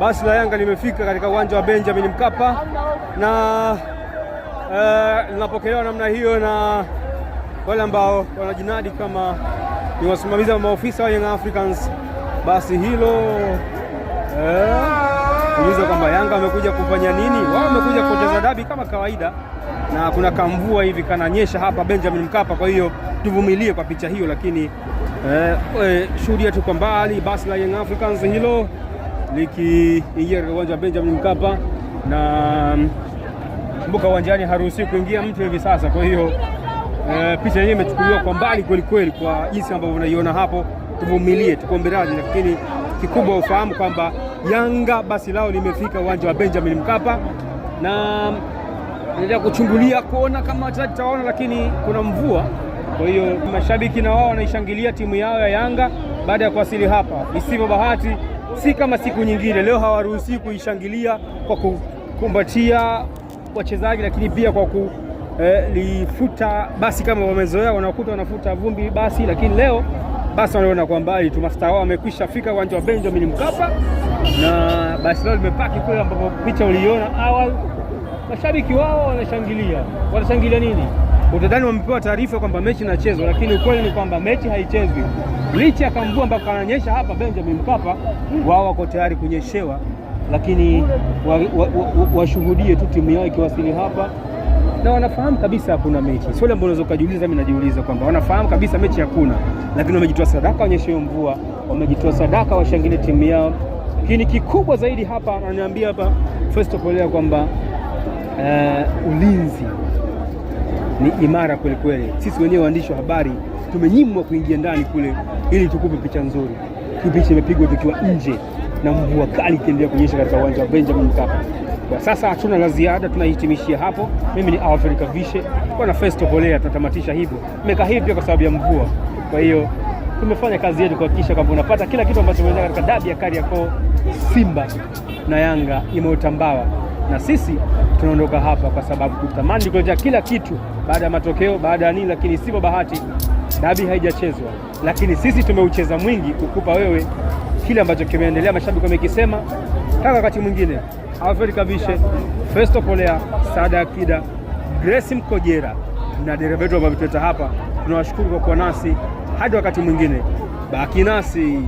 basi la Yanga limefika katika uwanja wa Benjamin Mkapa na eh, linapokelewa uh, namna hiyo na wale ambao wanajinadi kama ni wasimamizi wa maofisa wa Young Africans. Basi hilo eh, kuuliza kwamba Yanga wamekuja kufanya nini? Wao wamekuja kucheza dabi kama kawaida, na kuna kamvua hivi kananyesha hapa Benjamin Mkapa, kwa hiyo tuvumilie kwa picha hiyo, lakini eh, eh, shuhudia tu kwa mbali basi la Young Africans hilo likiingia katika uwanja wa Benjamin Mkapa, na kumbuka uwanjani haruhusi kuingia mtu hivi sasa. Kwa hiyo e, picha yenyewe imechukuliwa kwa mbali kweli kweli, kwa jinsi ambavyo unaiona hapo. Tuvumilie, tukombe radhi, lakini kikubwa ufahamu kwamba Yanga basi lao limefika uwanja wa Benjamin Mkapa na endelea kuchungulia kuona kama wachezaji tawaona, lakini kuna mvua. Kwa hiyo mashabiki na wao wanaishangilia timu yao ya Yanga baada ya kuwasili hapa, isivyo bahati si kama siku nyingine. Leo hawaruhusi kuishangilia kwa kukumbatia wachezaji, lakini pia kwa ku eh, lifuta basi kama wamezoea, wanakuta wanafuta vumbi basi, lakini leo basi wanaona kwa mbali tu mastaa wao wamekwisha fika uwanja wa Benjamin Mkapa, na basi leo limepaki kule ambapo picha uliiona awali. Mashabiki wao wanashangilia, wanashangilia nini? utadani wamepewa taarifa kwamba mechi inachezwa, lakini ukweli ni kwamba mechi haichezwi. Licha ya kamvua ambayo kananyesha hapa Benjamin Mkapa, wao wako tayari kunyeshewa, lakini washuhudie wa, wa, wa tu timu yao ikiwasili hapa, na wanafahamu kabisa hakuna mechi. Swali ambalo unaweza ukajiuliza, mimi najiuliza kwamba wanafahamu kabisa mechi hakuna, lakini wamejitoa sadaka wanyeshewe mvua, wamejitoa sadaka washangilie timu yao. Lakini kikubwa zaidi hapa ananiambia hapa of all kwamba uh, ulinzi ni imara kwelikweli. Sisi wenyewe waandishi wa habari tumenyimwa kuingia ndani kule ili tukupe picha nzuri. Picha imepigwa tukiwa nje na mvua kali ikiendelea kunyesha katika uwanja wa Benjamin Mkapa. Kwa sasa hatuna la ziada, tunahitimishia hapo. Mimi ni Alfred Kavishe, bwana Festo Polea, tunatamatisha hivyo. Tumekaa hivi kwa sababu ya mvua, kwa hiyo tumefanya kazi yetu kuhakikisha kwamba unapata kila kitu ambacho unaweza katika dabi ya Kariakoo, Simba na Yanga imeotambawa na sisi tunaondoka hapa, kwa sababu tutamani kuleta kila kitu baada ya matokeo, baada ya nini, lakini isipo bahati dabi haijachezwa, lakini sisi tumeucheza mwingi kukupa wewe kile ambacho kimeendelea. Mashabiki wamekisema kaka, wakati mwingine Alfred Kabishe, Festo Polea, Saada Akida, Grace Mkojera na dereva wetu ambao tumeleta hapa, tunawashukuru kwa kuwa nasi hadi wakati mwingine. Baki nasi.